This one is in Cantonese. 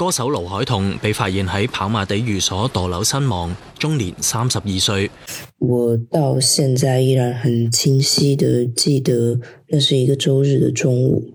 歌手盧凱彤被發現喺跑馬地寓所墮樓身亡，終年三十二歲。我到現在依然很清晰地記得，那是一個周日的中午。